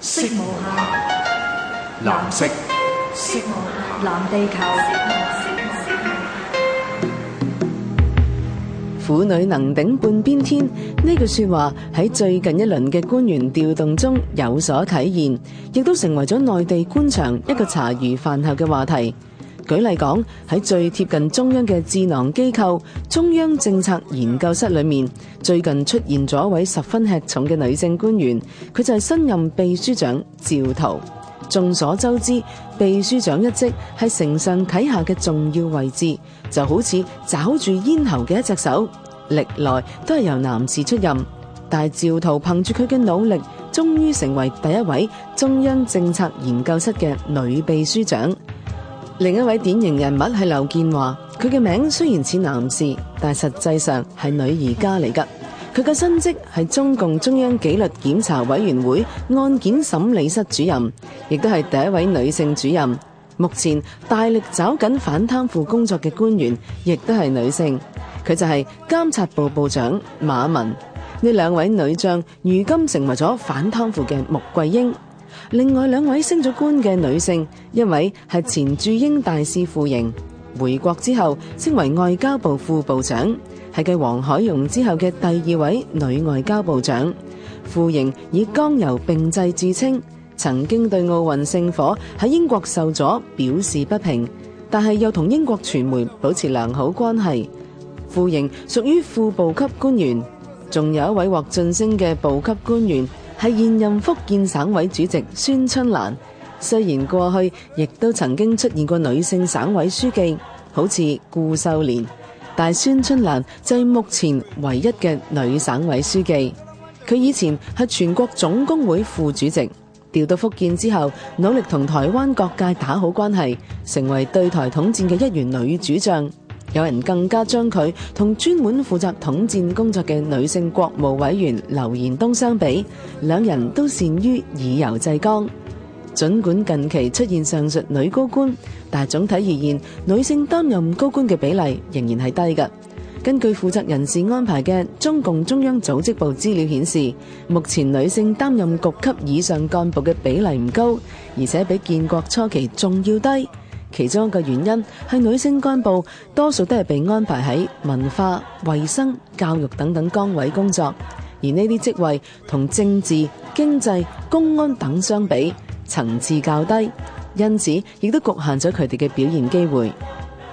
色無限，藍色，色無限，藍地球。婦女能頂半邊天，呢句說話喺最近一輪嘅官員調動中有所體現，亦都成為咗內地官場一個茶餘飯後嘅話題。舉例講，喺最貼近中央嘅智囊機構中央政策研究室裏面，最近出現咗一位十分吃重嘅女性官員，佢就係新任秘書長趙濤。眾所周知，秘書長一職係承上啟下嘅重要位置，就好似抓住咽喉嘅一隻手，歷來都係由男士出任。但係趙濤憑住佢嘅努力，終於成為第一位中央政策研究室嘅女秘書長。另一位典型人物係劉建華，佢嘅名雖然似男士，但係實際上係女兒家嚟噶。佢嘅新職係中共中央紀律檢查委員會案件審理室主任，亦都係第一位女性主任。目前大力抓緊反貪腐工作嘅官員，亦都係女性。佢就係監察部部長馬文。呢兩位女將，如今成為咗反貪腐嘅穆桂英。另外兩位升咗官嘅女性，一位係前駐英大使傅瑩，回國之後升為外交部副部長，係繼王海容之後嘅第二位女外交部長。傅瑩以剛柔並濟自稱，曾經對奧運聖火喺英國受阻表示不平，但係又同英國傳媒保持良好關係。傅瑩屬於副部級官員，仲有一位獲晉升嘅部級官員。係現任福建省委主席孫春蘭，雖然過去亦都曾經出現過女性省委書記，好似顧秀蓮，但孫春蘭就係目前唯一嘅女省委書記。佢以前係全國總工會副主席，調到福建之後，努力同台灣各界打好關係，成為對台統戰嘅一員女主將。有人更加將佢同專門負責統戰工作嘅女性國務委員劉延東相比，兩人都善於以柔制剛。儘管近期出現上述女高官，但總體而言，女性擔任高官嘅比例仍然係低㗎。根據負責人士安排嘅中共中央組織部資料顯示，目前女性擔任局級以上幹部嘅比例唔高，而且比建國初期仲要低。其中一個原因係女性幹部多數都係被安排喺文化、衛生、教育等等崗位工作，而呢啲職位同政治、經濟、公安等相比層次較低，因此亦都局限咗佢哋嘅表現機會。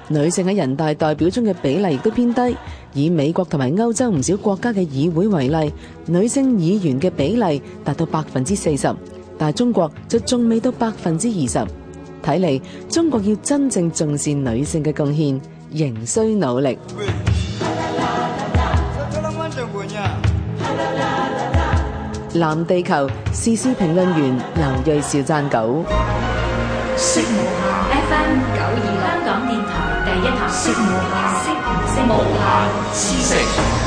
女性喺人大代表中嘅比例亦都偏低。以美國同埋歐洲唔少國家嘅議會為例，女性議員嘅比例達到百分之四十，但係中國就仲未到百分之二十。睇嚟，中國要真正重視女性嘅貢獻，仍需努力。藍地球時事評論員劉銳紹撰稿：九色無限 FM 九二零，香港電台第一台，色無限，色無限，無限之城。